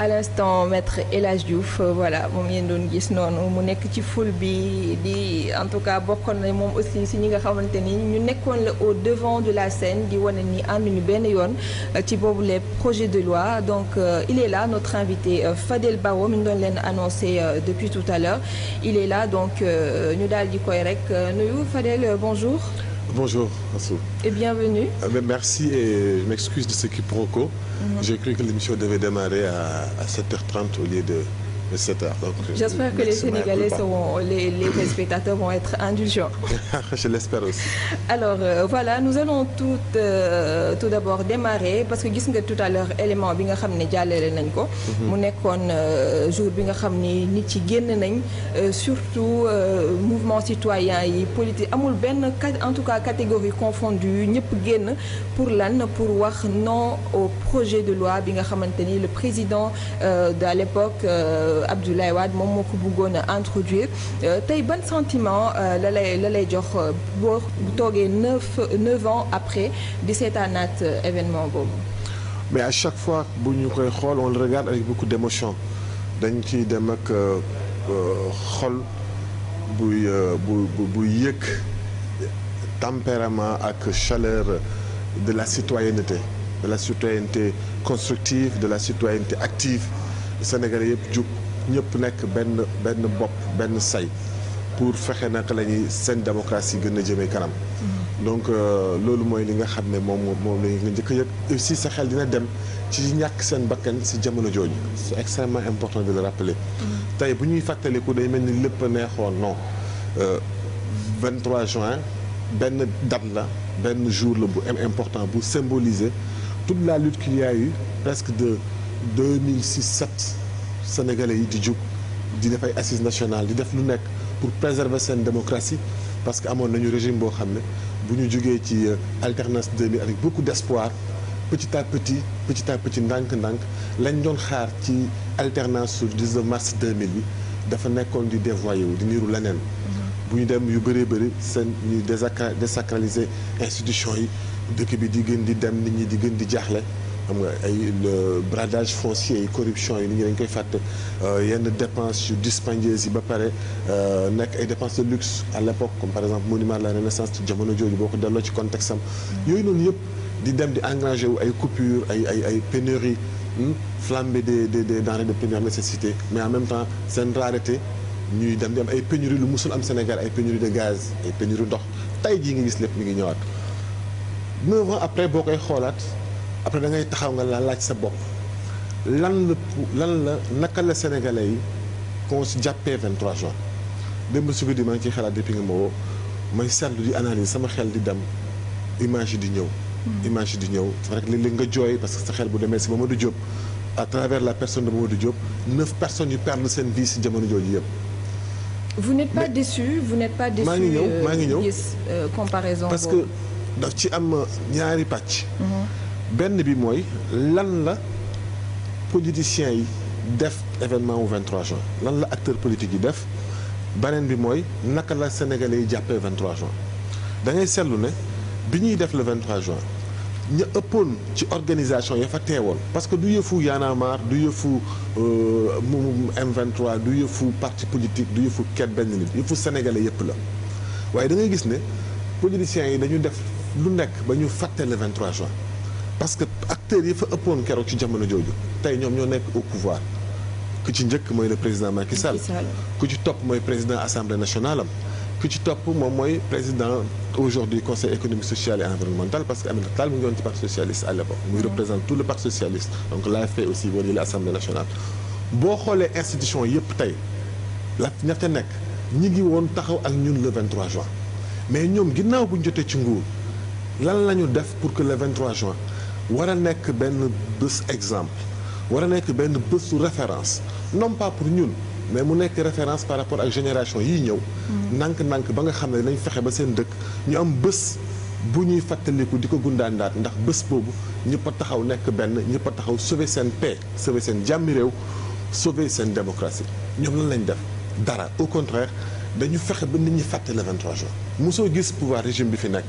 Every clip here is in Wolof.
à l'instant maître El Hadj Diouf euh, voilà moom ngeen doon gis noonu mu nekk ci foule bi di en tout cas bokkoon na moom aussi si ñi nga xamante ni ñu nekkoon la au devant de la scène di wane ni ànduñu benn yoon euh, ci boobu les projet de loi donc euh, il est là notre invité Fadel Barro mi ñu doon leen annoncé depuis tout à l'heure il est là donc ñu daal di koy rek nuyu Fadel bonjour. Bonjour, Assou. Et bienvenue. Ah euh, ben merci et je m'excuse de ce quiproquo. Mm -hmm. J'ai cru que l'émission devait démarrer à, à 7h30 au lieu de de 7 heures. Donc, euh, J'espère que les Sénégalais seront, les, les vont être indulgents. Je l'espère aussi. Alors, euh, voilà, nous allons tout, euh, tout d'abord démarrer parce que gis nga tout à l'heure élément bi nga xam ne jàllale nañ ko. Mhm. mu nekkoon euh, jour bi nga xam ni nit ci génn nañ surtout mouvement citoyen yi politique amul benn en tout cas catégorie confondue ñëpp génn pour lan pour wax non au projet de loi bi nga xamante ni le président de à l'époque Abdoulaye Wade moom moo ko bëggoon a introduire euh, tey ban sentiment euh, la lay la lay euh, toogee neuf neuf ans après di seetaanaat événement boobu. mais à chaque fois bu ñu koy xool on le regarde avec beaucoup d'émotion dañ ciy dem ak xol buy bu buy yëg tempérament ak chaleur de la citoyenneté de la citoyenneté constructive de la citoyenneté active sénégal yëpp jub ñëpp nekk benn benn bopp benn say pour fexe naka la ñuy seen démocratie gën a jëmee kanam. Mm-hmm. donc euh, loolu mooy li nga xam ne moom moom la nga njëkk yëpp yëg aussi sa xel dina dem ci ñàkk seen bakkan si jamono jooju. c'est extrêmement important de la rappeler. Mm-hmm. tey bu ñuy fàttaleeku day mel ni lépp neexoon non. 23 euh, juin benn date la benn jour la bu important bu symboliser tout la lutte qu'il y a eu presque de 2006 7 sénégalais yi di jug di def ay assises nationales di def lu nekk pour préserver seen démocratie parce que amoon nañu régime boo xam ne bu ñu jugee ci euh, alternance 2000 avec beaucoup d'espoir petit à petit petit à petit ndànk-ndànk lañ doon xaar ci alternance sur 19 mars 2000 bi dafa nekkoon di dévoyé wu di niru leneen. Mm-hmm. bu ñu dem yu bëree bëri seen ñuy désacraliser institution yi dëkk bi di gën di dem nit ñi di gën di jaaxle. xam nga ay bradage foncier yi corruption yi nit ñi dañ koy fàtte euh, yenn dépenses yu dispendieuses yi ba pare euh, nekk ay dépenses de luxe à l'époque comme par exemple monument de la renaissance ci jamono jooju boo ko delloo ci contexte am mm. yooyu noonu yëpp di dem di engrangé wu ay coupures ay ay ay de hmm, flambée des des des denrées de première nécessité mais en même temps seen rareté ñuy dem di am ay pénuries lu musul am Sénégal ay pénuries de gaz ay pénuries ndox tey jii nga gis lépp mi ngi ñëwaat neuf ans après boo koy xoolaat. après da ngay taxaw nga la laaj sa bopp lan la lan la naka la sénégalais yi kon si jàppee 23 juin démb su guddi maa ngi ciy xalaat depuis nga ma woo may seetlu di sama xel di dem image di ñëw. Hmm. image yi di ñëw rek léeg-léeg nga jooy parce que xel bu demee si Mamadou Diop à travers la personne de Mamadou Diop neuf personnes yu perdent seen vie si jamono jooju yëpp. vous n'êtes pas déçu vous n'êtes pas déçu. maa ngi ñëw maa ngi euh, ñëw euh, comparaison parce que daf ci am ñaari pàcc. Mm-hmm. benn bi mooy lan la politiciens yi def événement wu 23 lan la acteurs politiques yi def beneen bi mooy naka la sénégalais yi jàppee 23 juin da ngay seetlu ne bi ñuy def le 23 ñu ëppoon ci organisation ya fa teewoon parce que du yëfu Y en a marre du yëfu euh, M23 du yëfu parti politique du yëfu ket benn nit yëfu sénégalais yëpp la waaye da gis ne politiciens yi dañu def lu nekk ba ñu fàtte le 23 parce que acteurs yi fa ëppoon keroog ci jamono jooju tey ñoom ñoo nekk au pouvoir ki ci njëkk mooy le président Macky Sall ku ci topp mooy président assemblée nationale am ku ci topp moom mooy président aujourd'hui conseil économique social et environnemental parce que Aminata Tall mu ngi woon ci parti socialiste à l'époque muy représente tout le parti socialiste donc l'AFP aussi boo jëlee assemblée nationale boo xoolee institution yëpp tey la ña ca nekk ñi ngi woon taxaw ak ñun le 23 juin mais ñoom ginnaaw bu ñu jotee ci nguur lan la ñu def pour que le 23 war a nekk benn bés exemple war a nekk benn bésu référence non pas pour ñun mais mu nekk référence par rapport ak génération yii ñëw mm. nànk-nànk ba nga xam ne dinañ fexe ba seen dëkk ñu am bës bu ñuy fàttaliku di ko gundaandaat ndax bés boobu ñëpp a taxaw nekk benn ñëpp a taxaw sauver seen paix sauver seen jàmmi réew sauver seen démocratie ñoom lan lañ def dara au contraire dañu fexe ba nit ñi fàtte le 23 juin mosoo gis pouvoir régime bi fi nekk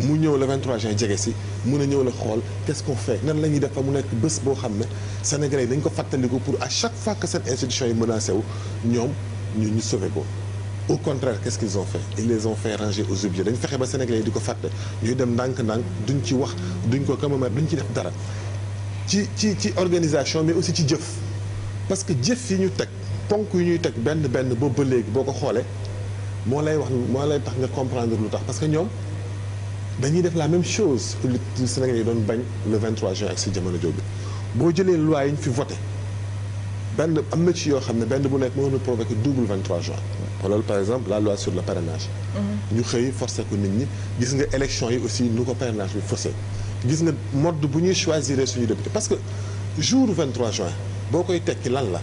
mu ñëw le 23 juin jege si mun a ñëw la xool qu'est-ce qu'on fait nan la ñuy def fa mu nekk bés boo xam ne sénégalais yi dañ ko fàttaliku pour à chaque fois que seen institution yi menacé wu ñoom ñu ñu sauvé ko au contraire qu'est-ce qu'ils ont fait ils les ont fait ranger aux oubliettes dañu fexe ba sénégalais yi di ko fàtte ñuy dem ndànk-ndànk duñ ci wax duñ ko commémorer duñ ci def dara ci ci ci organisation mais aussi ci jëf parce que jëf yi ñu teg ponk yi ñuy teg benn benn boobu ba léegi boo ko xoolee moo lay wax moo lay tax nga comprendre lu tax parce que ñoom dañuy def la même chose que lu Sénégal yi doon bañ le 23 juin ak si jamono jooju boo jëlee loi yi ñu fi voté benn am na ci yoo xam ne benn bu nekk moo na provoqué double 23 juin. loolu par exemple la loi sur le parrainage. Mm-hmm. ñu xëy forcé ko nit ñi gis nga élection yi aussi nu ko parrainage bi forcé gis nga mode bu ñuy choisir suñu député parce que jour 23 juin boo koy tekki lan la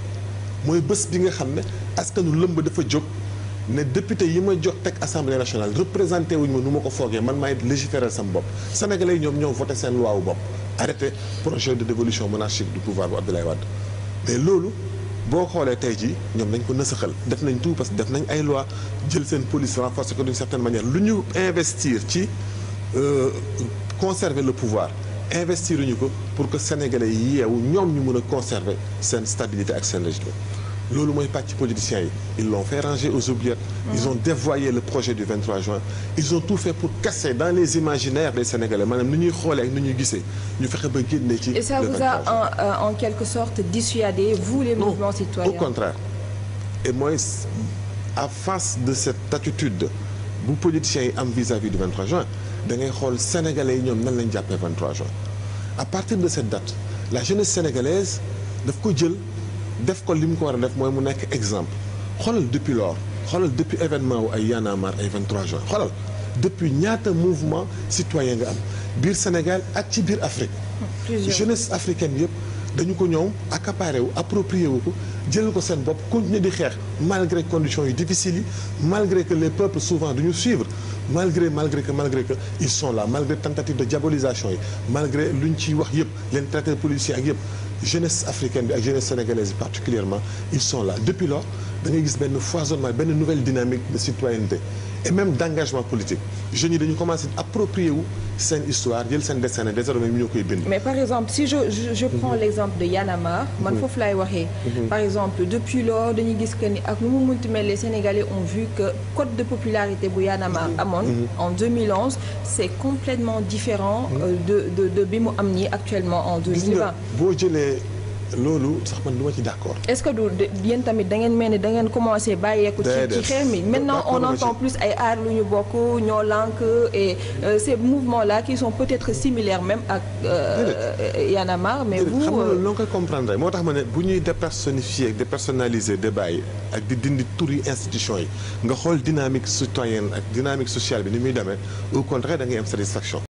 mooy bés bi nga xam ne askanu lëmb dafa jóg. ne député yi ma jox teg assemblée nationale représenté wuñ ma nu ma ko foogee man maay légiférer sama bopp sénégalais yi ñoom ñoo voté seen loi wu bopp arrêté projet de dévolution monarchique du pouvoir bu Abdoulaye Wade mais loolu boo xoolee tey jii ñoom nañ ko nësaxal def nañ tout parce que def nañ ay loi jël seen police renforcer ko d'une certaine manière lu ñu investir ci euh, conserver le pouvoir investir ñu ko pour que sénégalais yi yeewu ñoom ñu mën a conserver seen stabilité ak seen régime loolu mooy parti politicien yi ils l'ont fait ranger aux oubliettes mm. ils ont dévoyé le projet du 23 juin ils ont tout fait pour casser dans les imaginaires des Sénégalais maanaam ni ñuy xoolee ak ni ñuy gisee ñu fexe ba génne ci et ça vous a en, euh, en quelque sorte dissuadé vous les mouvements citoyens non au contraire et moi à face de cette attitude bu politiciens yi am vis-à-vis du juin da ngay xool sénégalais yi ñoom nan lañ jàppee 23 juin à partir de cette date la jeunesse sénégalaise daf ko jël def ko li mu ko war a def mooy mu nekk exemple xoolal depuis lors xoolal depuis événement wu ay Y'en ay 23 juin xoolal depuis ñaata mouvement citoyen nga am biir Sénégal ak ci biir Afrique jeunesse africaine yëpp dañu ko ñëw accaparé wu approprié wu ko jël ko seen bopp continuer di xeex malgré conditions yi difficiles yi malgré que les peuples souvent duñu suivre malgré malgré que malgré que ils sont là malgré tentative de diabolisation yi malgré luñ ciy wax yëpp leen traité policier ak yëpp jeunesse africaine bi ak jeunesse sénégalaise bi particulièrement ils sont là depuis lors da ngay gis benn foisonnement benn nouvelle dynamique de citoyenneté et même d'engagement politique jeunes yi dañu commencé approprier wu seen histoire jël seen destin ne désormais ñoo koy bind. mais par exemple si je mhm. de Y'en man mhm. foofu laay waxee. Mhm. par exemple depuis dañuy gis que ni ak nu mu munti mel les Sénégalais ont vu que cote de popularité bu Y'en a amoon. Mm -hmm. en 2011 c'est complètement différent. Euh, de de de bi mu am nii actuellement en 2020. boo jëlee. loolu sax man du ma ci d'accord. est-ce que du yéen tamit da ngeen mel ni da ngeen commencé bàyyeeku. ci ci xeex mi maintenant on entend plus ay aar lu ñu bokk ñoo lànk et euh, ces mouvements là qui sont peut-être similaires même ak. Euh, Y'en a marre mais vous. xam nga euh, koy comprendre moo tax ma ne bu ñuy dépersonnifier dépersonnaliser débat bàyyi ak di dindi turi institution yi nga xool dynamique citoyenne ak dynamique sociale bi ni muy demee au contraire da ngay am satisfaction.